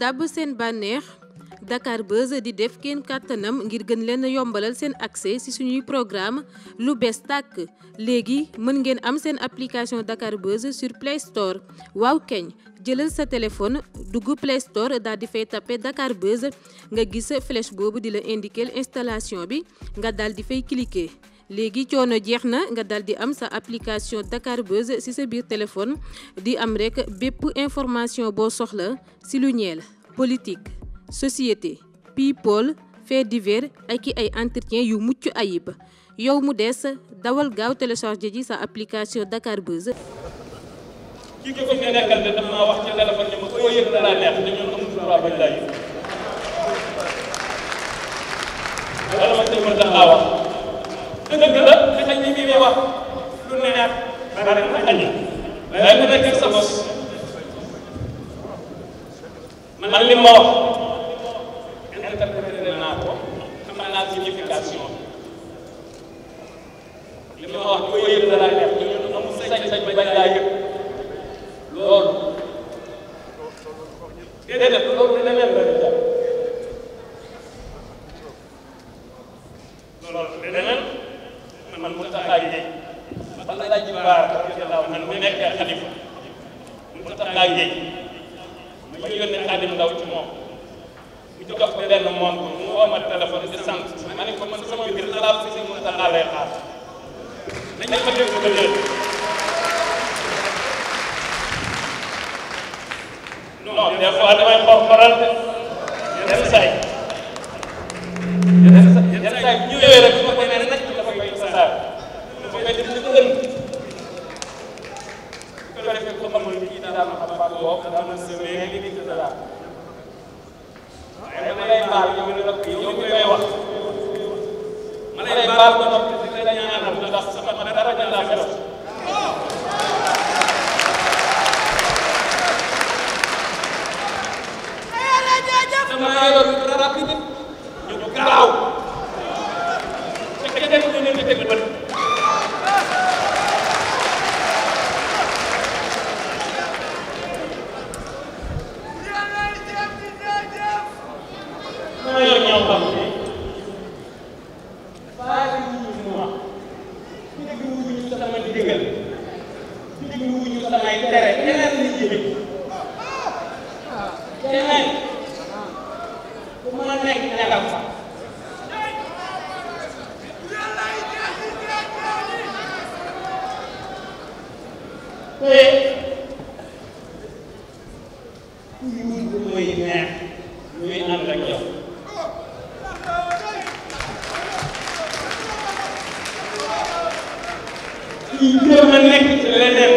dàbb seen bànneex Dakar Buzz di def kenn kàttanam ngir gën leen yombalal seen accès ci suñuy programme lu bees tàkk léegi mën ngeen am seen application Dakar Buzz sur Play Store waaw keñ jëlal sa téléphone dugg Play Store daal di fay tapé Dakar Buzz nga gis flèche boobu di la indiquer installation bi nga daal di fay cliquer. léegi coono jeex na nga dal di am sa application Dakar Buzz ci sa biir téléphone di am rekk bépp information bo soxla ci lu ñeel politique société people fait divers ak i ay entretien yu mucc ayib yow mu des dawal gaaw téléchargé ji sa application Dakar Buzz. dëgg la xëy na li muy wax lu neex bari na añi waaye ku nekk sa bos man li ma wax interprété naa ko xam naa signification li ma wax ko yëg la laa def ñun amul sañ-sañ bañ laa yëg loolu déedéet loolu dina leen waaye bu ko demee nag dafa koy tasaar dafa koy def ni ko ënd bu ko defee ko xamul ni kii daan xam fàgg boobu daan na semee li di tasaar waaye dama lay baal yow ni rek yow mi koy wax ma lay baal ba noppi di la ñaanal ndax sama dara ñu laa xelal sama yor dara bi ñu gaaw ngeen di déglu ba ci gërëm a nekk ci leneen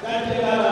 Gracias.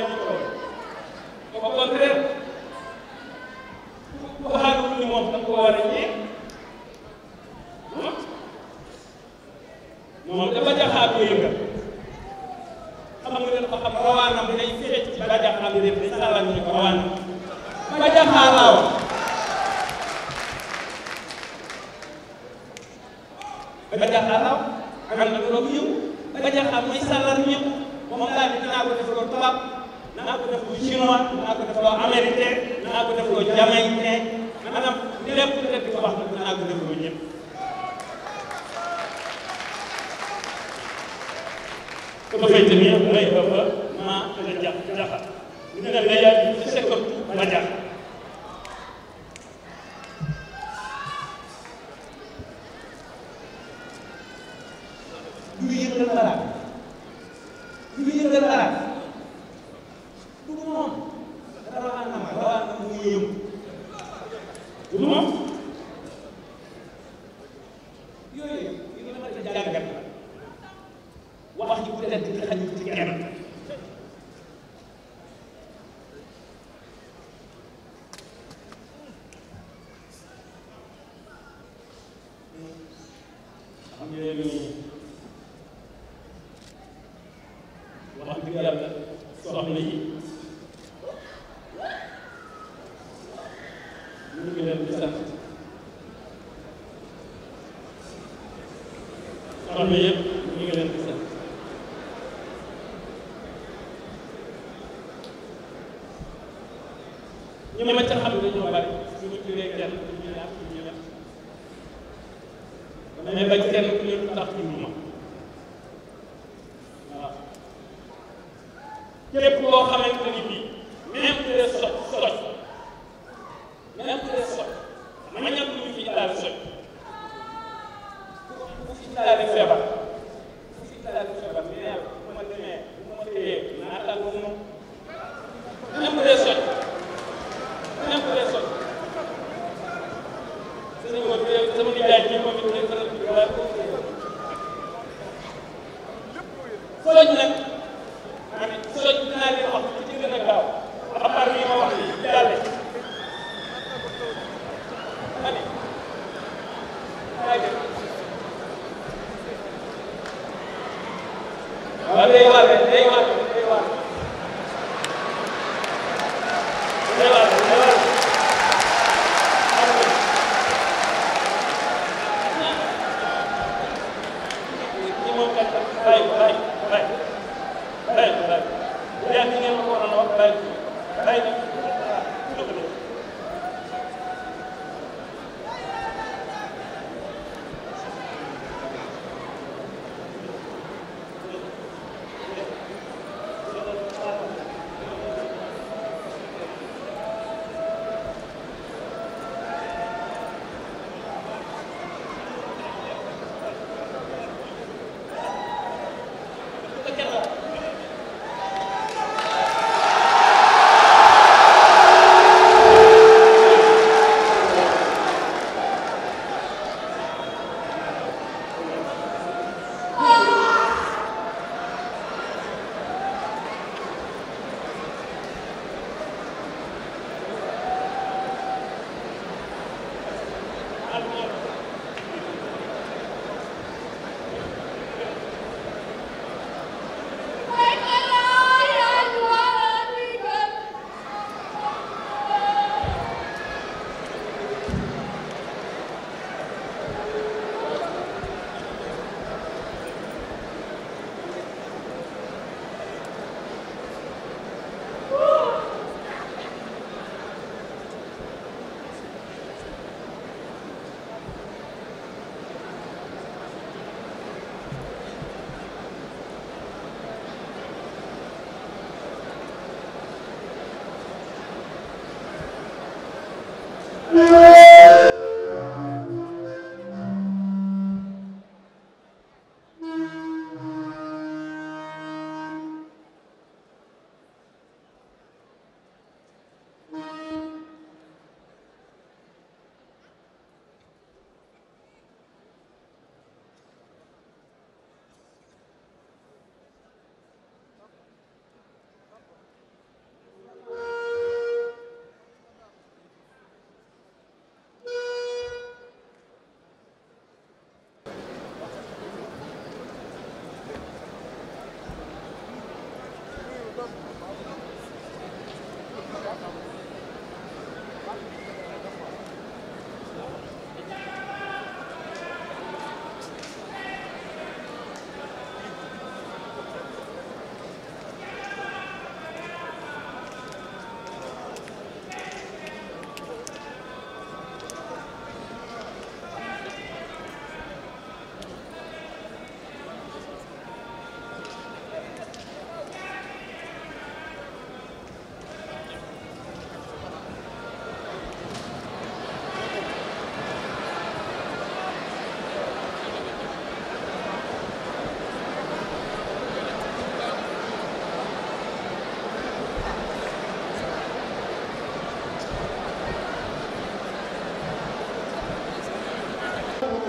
wàññi ko au contraire jabete no aggotango jamayte manam ndire ɓurɗe ɗi ko waxta no aggotango ñem koto faytani ma jaha minene leya tedd ki xajul ci kenn ñi ma ca xam dañoo ñu ma tuddee kenn ñu ñu ñett damay bañ kenn ñu ma bàyyi bàyyi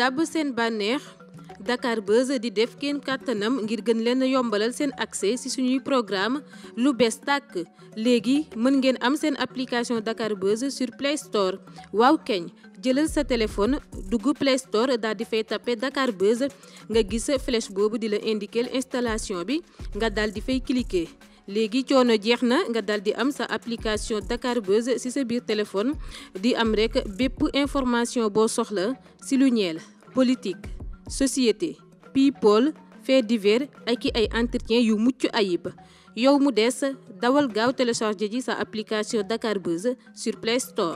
dàbb seen bànneex Dakar Buzz di def kenn kàttanam ngir gën leen yombalal seen accès si suñuy programme lu bees tàkk léegi mën ngeen am seen application Dakar Buzz sur Play Store waaw keñ jëlal sa téléphone dugg Play Store daal di fay tapé Dakar Buzz nga gis flèche boobu di la indiquer installation bi nga daal di fay cliquer. léegi coono jeex na nga dal di am sa application Dakar Buzz ci sa biir téléphone di am rekk bépp information boo soxla ci lu ñeel politique société people faits divers ak i ay entretien yu mucc ayib yow mu des dawal gaaw télécharger ji sa application Dakar Buzz sur Play Store